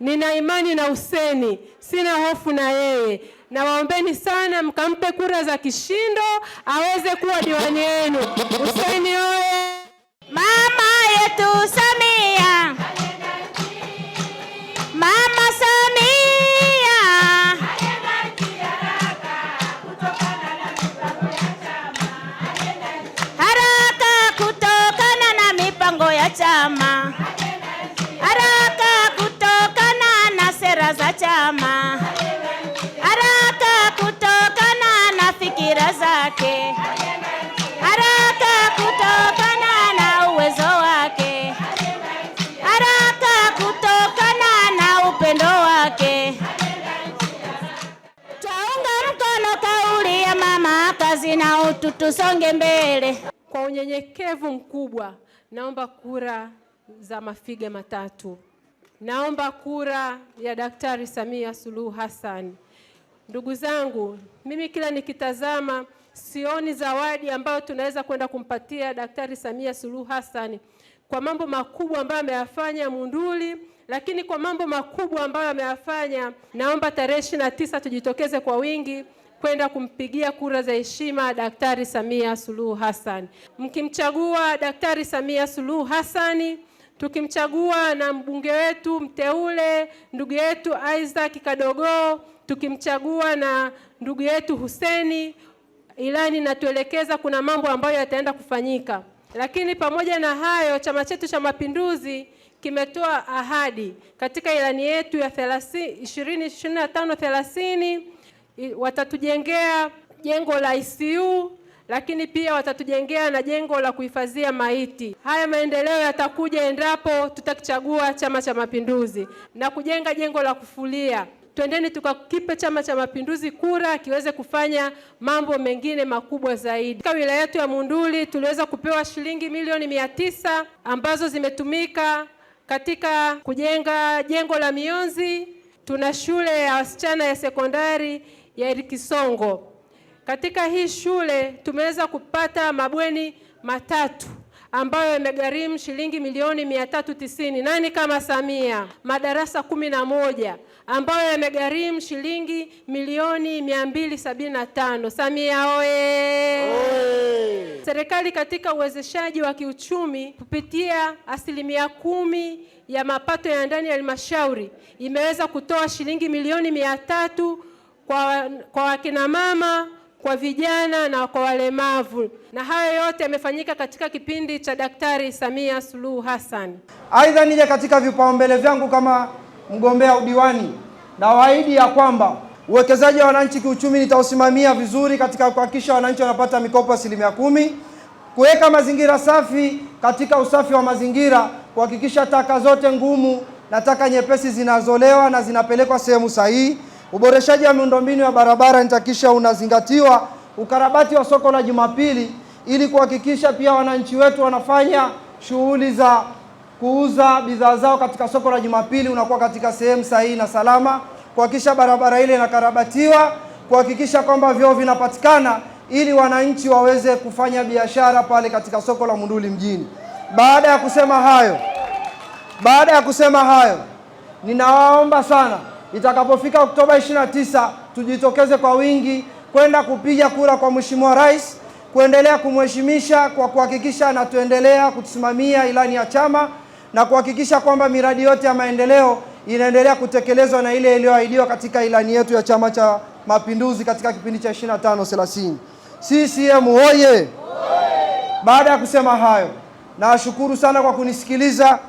Nina imani na Huseni, sina hofu na yeye. Nawaombeni sana mkampe kura za kishindo aweze kuwa diwani yenu. Huseni oye! Mama yetu Samia, Mama Samia, haraka kutokana na mipango ya chama mama haraka kutokana na fikira zake, haraka kutokana na uwezo wake, haraka kutokana na upendo wake. Twaunga mkono kauli ya mama kazi na utu, tusonge mbele kwa unyenyekevu mkubwa. Naomba kura za mafiga matatu. Naomba kura ya Daktari Samia Suluhu Hassan. Ndugu zangu, mimi kila nikitazama sioni zawadi ambayo tunaweza kwenda kumpatia Daktari Samia Suluhu Hassan kwa mambo makubwa ambayo ameyafanya Munduli, lakini kwa mambo makubwa ambayo ameyafanya, naomba tarehe ishirini na tisa tujitokeze kwa wingi kwenda kumpigia kura za heshima Daktari Samia Suluhu Hassan. Mkimchagua Daktari Samia Suluhu Hassan tukimchagua na mbunge wetu mteule ndugu yetu Isaac Kadogo, tukimchagua na ndugu yetu Huseni, ilani inatuelekeza kuna mambo ambayo yataenda kufanyika. Lakini pamoja na hayo, chama chetu cha Mapinduzi kimetoa ahadi katika ilani yetu ya 2025 30 watatujengea jengo la ICU lakini pia watatujengea na jengo la kuhifadhia maiti. Haya maendeleo yatakuja endapo tutakichagua Chama cha Mapinduzi na kujenga jengo la kufulia. Twendeni tukakipe Chama cha Mapinduzi kura kiweze kufanya mambo mengine makubwa zaidi. Katika wilaya yetu ya Monduli tuliweza kupewa shilingi milioni mia tisa ambazo zimetumika katika kujenga jengo la mionzi. Tuna shule ya wasichana ya sekondari ya Erikisongo. Katika hii shule tumeweza kupata mabweni matatu ambayo yamegharimu shilingi milioni mia tatu tisini. Nani kama Samia? Madarasa kumi na moja ambayo yamegharimu shilingi milioni mia mbili sabini na tano. Samia oye! Serikali katika uwezeshaji wa kiuchumi kupitia asilimia kumi ya mapato ya ndani ya halmashauri imeweza kutoa shilingi milioni mia tatu kwa, kwa wakinamama kwa vijana na kwa walemavu, na hayo yote yamefanyika katika kipindi cha Daktari Samia Suluhu Hassan. Aidha, nije katika vipaumbele vyangu kama mgombea udiwani, na waahidi ya kwamba uwekezaji wa wananchi kiuchumi nitausimamia vizuri katika kuhakikisha wananchi wanapata mikopo asilimia kumi, kuweka mazingira safi katika usafi wa mazingira, kuhakikisha taka zote ngumu na taka nyepesi zinazolewa na zinapelekwa sehemu sahihi Uboreshaji wa miundombinu ya barabara nitakisha unazingatiwa, ukarabati wa soko la Jumapili ili kuhakikisha pia wananchi wetu wanafanya shughuli za kuuza bidhaa zao katika soko la Jumapili unakuwa katika sehemu sahihi na salama, kuhakikisha barabara ile inakarabatiwa, kuhakikisha kwamba vyoo vinapatikana ili wananchi waweze kufanya biashara pale katika soko la Munduli mjini. Baada ya kusema hayo, baada ya kusema hayo, ninawaomba sana Itakapofika Oktoba 29 tujitokeze kwa wingi kwenda kupiga kura kwa Mheshimiwa Rais, kuendelea kumheshimisha kwa kuhakikisha anatuendelea kutusimamia ilani ya chama na kuhakikisha kwamba miradi yote ya maendeleo inaendelea kutekelezwa na ile iliyoahidiwa katika ilani yetu ya Chama cha Mapinduzi katika kipindi cha 25 30. CCM oye! Baada ya kusema hayo, nawashukuru sana kwa kunisikiliza.